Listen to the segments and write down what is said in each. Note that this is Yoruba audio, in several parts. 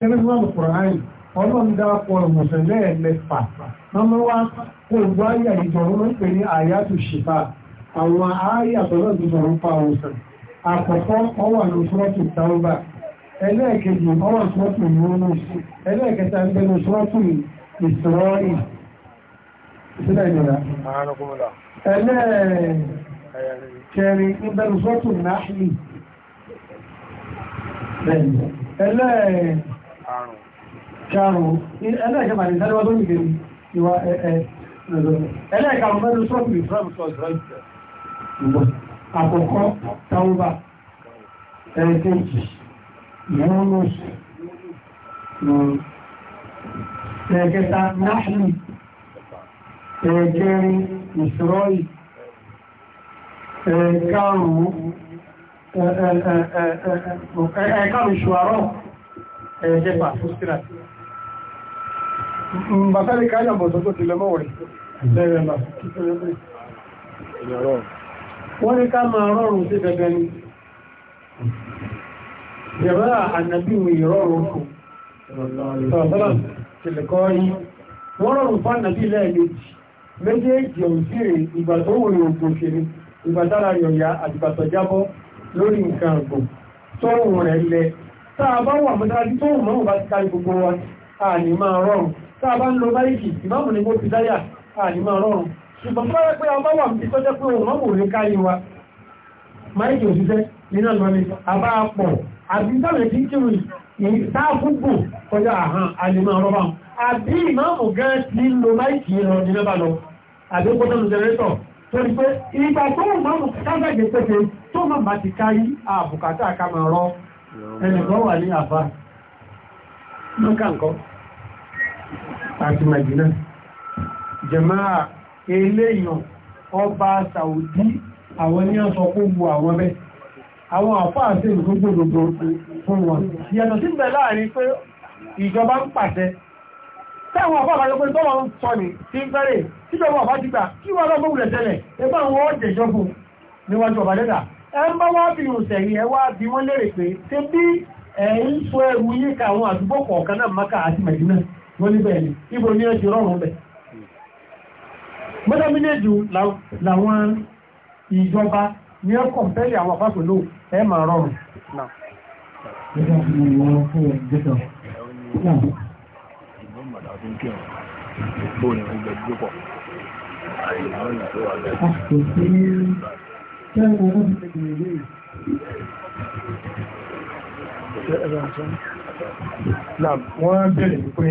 kẹ́lẹ́sìmọ́lù kùránì ọlọ́run dápọ̀ ọ̀mọ̀sẹ̀ lẹ́ẹ̀mẹ́fà mọ́mọ́ wá ayà ìjọ ọ̀rọ̀ pè ní àyà tó ṣìfà àwọn ayà tọ́lọ́ ti sọ̀rọ̀ pa karùn-ún ẹlẹ́ẹ̀kẹ́ màdé sáré wọ́n tó ń gbé ìwà ẹ̀ẹ́ ẹlẹ́ẹ̀kẹ́ àwọn mẹ́rin sọ́ọ̀bù àkọ́kọ́ tàwọ́bà ẹ̀ẹ́kẹ́jì yọ́nùsù ẹ̀ẹ́kẹta náàlì ẹ̀ẹ́kẹrin ìṣòrọ́ì ẹ̀ẹ́kàrùn-ún ẹ̀ẹ́kàrùn-ún ṣùwárọ̀ ẹ̀ẹ́dẹ́fà fún síra mbàtàrí káyà bọ̀tọ̀ tó ti lọ mọ́ wọ̀nyí lẹ́rẹ̀ lọ wọ́n ní ká máa rọrùn sí gẹ́gẹ́ ní yẹ̀rọ ànàbíwò ìrọrùn fún sọ̀tọ́lá tìlẹ̀kọ́ yìí wọ́n rọrùn fún ànàbí lẹ́ẹ̀mejì méjèèjì ọ̀hún sí rè ìgbà tó wò ní ògùn òṣèré ìgbà tára yọ̀yà àtìgbàtọ̀ jábọ́ lórí nǹkan àgbò tó wù rẹ̀ lẹ́ táa bá wà mọ́dájú tó wù mọ́wù bá ti kárí gbogbo wa àní máa rọrùn táa bá ń lo báyìkì ìmáàmù ni mo fi dáyà àní máa rọrùn ṣùgbọ́n tó rẹ̀ pé a wà mí tọ́jọ́ pé òun mọ́wù rí kárí wa máìkì òṣìṣẹ́ nínú àlùmọ́ni àbá pọ̀ àbí sáwọn ti ń kírun yìí táà fúgbù kọjá àhán àní máa rọ́ báwọn àbí ìmáàmù gan ti ń lo báyìkì lọ ní mẹ́bà lọ àbí kó tó lu jẹrẹ́tọ̀ torí pé ìgbà tó wù mọ́wù kágbàgbé tó má ti kárí àbùkátà ká máa rọ́ ẹnìkan wà ní àfá mọ́ká nǹkan àti màjínà jẹmáà eléyàn ọba Saudi àwọn ní ọ̀sọ̀ kó gbò àwọn bẹ́ àwọn àfá àti ìgbogbo fún wọn yàtọ̀ sí bẹ̀ láàrin pé ìjọba ń pàṣẹ táwọn àfá àbájọ pé tọ́wọ́ ń sọ ní tí ń fẹ́rẹ̀ tí tọ́wọ́ àbájúgbà kí wọ́n lọ́gbọ́gbùlẹ̀ tẹ́lẹ̀ ẹgbẹ́ àwọn ọ̀jẹ̀jọ́ fún níwájú ọ̀bàdẹ́dà ẹgbọ́n wá fi òsẹ̀ yẹ wá bí wọ́n lérè pé tí bí ẹ̀yìn sọ ẹrù yí ká àwọn àdúgbò kọ̀ọ̀kan maka àti mẹ̀dínà wọ́n níbẹ̀ ni ibo ní ẹjù rọrùn bẹ̀ mọ́tàmí lẹ́jù làwọn ìjọba ní ọkọ̀ pẹ́lẹ̀ àwọn àpapọ̀ ló ẹ máa rọrùn Kẹ́rin ọdún ti gbèrè lè. Wọ́n bèèrè pé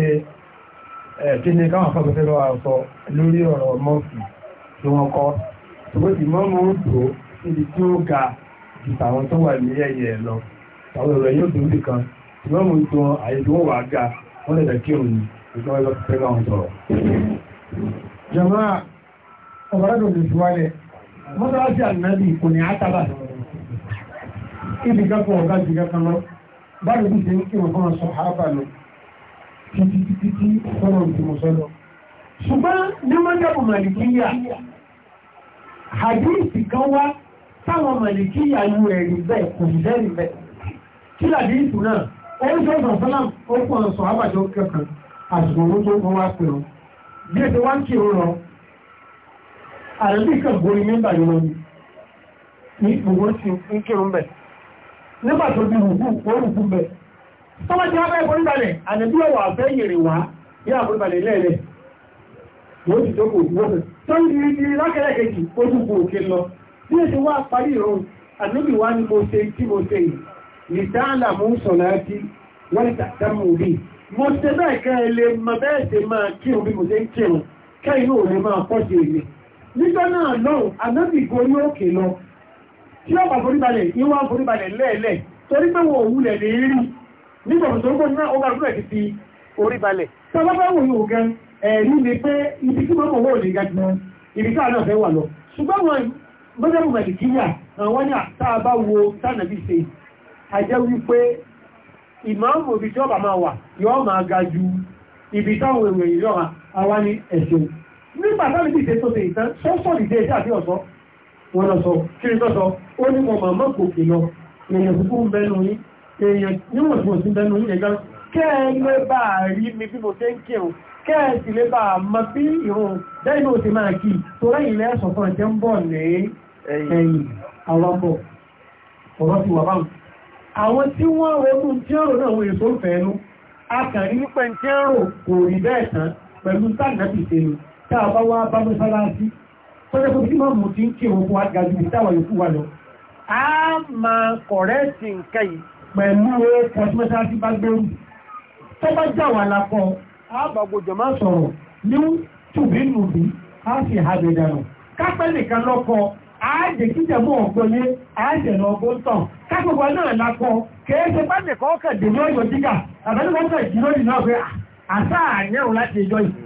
kí ni káwọn afọ́gbẹ́fẹ́ lọ́wọ́ sọ lórí ọ̀rọ̀ mọ́ọ̀sì tí wọ́n kọ́. Ṣùgbọ́n ti mọ́mọ́ ń tó níbi tí ó ga ju tàwọn tó wà ní ẹ̀yẹ lọ. Tàwọn ọ̀rọ̀ yóò tó nì kan. Ṣùgbọ́n mo ń tó àyè tí wọ́n wà ga wọ́n lè dẹ̀ mọ́sálásí ànábì kò ní àtàbà ibi kankan ọ̀gá jù kankan lọ báyìí bí ṣe ń kí wọn fún ọsọ àbà lọ títí títí tí fọ́nà ti mọ̀ sọ́dọ̀ ṣùgbọ́n ní mọ́jábù màlìkíyà hadithi kan wá táwọn màlìkíyà lu ẹ̀rí bẹ́ẹ̀ kò sí sẹ́rí bẹ́ẹ̀ kí làdíìtù náà ó ń sọ̀rọ̀ àríkà gorí mẹ́bà yìí lọ ní gbogbo sí ń kírun bẹ̀ nígbà tó bí rùkú ó rùkú bẹ̀ tọ́wọ́ ti wá bẹ́ẹ̀ borí balẹ̀ àdẹ̀bí ọ̀wọ̀ àfẹ́ yèrè wá yóò àborí balẹ̀ lẹ́ẹ̀lẹ̀ yóò ti jókòó òkú wọ́pẹ̀ tó ń di di lákẹ́lẹ́ kejì ó tún kò òkè lọ bí èsì wá parí ìrọ̀rùn àdébì wá ní mo ṣe tí mo ṣe yìí nìdáàlà mú sọ̀nà tí wọ́n tàbí mú bí mo ṣe bẹ́ẹ̀ kẹ́ lè máa kírun sí èmi nígbà náà lọ́wọ́ ànábì gorí òkè lọ tí ó bá foríbalẹ̀ ìwá foríbalẹ̀ lẹ́ẹ̀lẹ̀ torí pé wọ́n òwúlẹ̀ lè rí nígbàmù tó gbọ́n náà ó bá rúrẹ̀ ti oríbalẹ̀ tọ́lọ́bẹ̀wò yóò gẹ ẹ̀rí ni pé ibi tí mọ́mọ̀ wọ́n lè gajù wọn ibi tí àná fẹ́ wà lọ ṣùgbọ́n wọn mọ́jọ́mù mẹ̀lìkíyà àwọn ní àtàbá wo tánàbí ṣe àjẹ́ wípé ìmáàmù ibi tí ọba máa wà yóò máa gajù ibi táwọn èrò ìrọ̀ àwọn ẹ̀sùn nígbà táwọn ibi ìdẹ́sọ ṣe ìtàn sọ́sọ́ ìdẹ́ ẹ̀ṣẹ́ àti ọ̀sọ́ wọn lọ sọ kí ni sọ́sọ́ ó ní mo màmá gòkè lọ èèyàn kúkú ń bẹnu yín èèyàn níwọ̀n tí mo ti ń bẹnu yín ẹ̀gá kẹ́ ẹ lé bá a rí mi bí mo ṣe ń kírun kẹ́ ẹ sì lé bá a mọ bí ìrùn dẹ́yìn ó ti máa kì í torí ilẹ̀ ẹ̀sọ̀ fún ẹ̀jẹ̀ ń bọ̀ ní ẹ̀yìn àwọn bọ̀ ọ̀rọ̀ ti wà báwọn àwọn tí wọ́n ronú tí ó ronú àwọn èso fẹ́ẹ́nu akàrí nípa tí ó rò kò rí bẹ́ẹ̀ tán pẹ̀lú sáàdẹ́bì tẹ́lu tààbá wá bá mọ́sálásí tọ́jọ́ pé tí máa mú ti ń kí òkú àgájú ìtawà yòókù wà lọ. a máa kọ̀rẹ́ẹ̀tì nǹkan yìí pẹ̀lú ẹ̀kọ́ tí mọ́sálásí bá gbẹ́rù tó bá jà wà lápọ̀ àbàgbòjò máa sọ̀rọ̀ ní tùbí nùbí a sì ha bẹ̀ dànù kápẹ́ nìkan lọ́kọ̀ àájẹ̀ kíjẹ̀ mọ́ ọ̀gbọ́lé àájẹ̀ lọ gbóntàn kápẹ́gbà náà lápọ̀ kẹ́ẹ́sẹ̀ bá nìkan ọkẹ̀ dè ní ọ̀yọ́ dígà àbẹ́lẹ́wọ́n kẹ̀ jìlóyìn náà pé àṣà àyẹ̀wò láti ìjọ yìí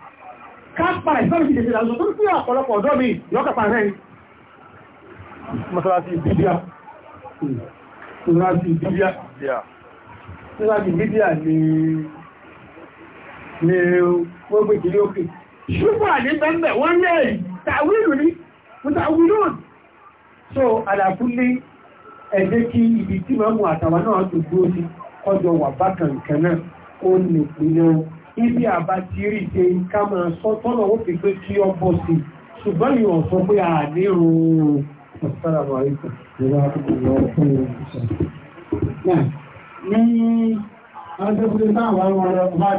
kápá ìfẹ́rù ti tẹ̀sẹ̀ àjọ tó ń fi ọ̀pọ̀lọpọ̀ ọ̀dọ́ mi lọ́kàpá rẹ̀ mọ́sálásí bíbíà mọ́sálásí bíbíà mọ́sálásí bíbíà ni ni wọ́n pè kìí òkè ṣùgbọ́n àní bẹ́ẹ̀ wọ́n lè tàwílù ní mọ́tàwílù so àlàkúlé ẹ̀jẹ́ kí ibi tí mọ́mù àtàwà náà tó dúró sí kọjọ wà bákan kan náà ó nìpínlẹ̀ ibi àbátírí ṣe ká máa sọ tọ́nà ó fi pé kí ọ bọ̀ sí ṣùgbọ́n yìí ọ̀sọ́ pé a ní ooo ní adébúlé táwọn ọmọ ọmọ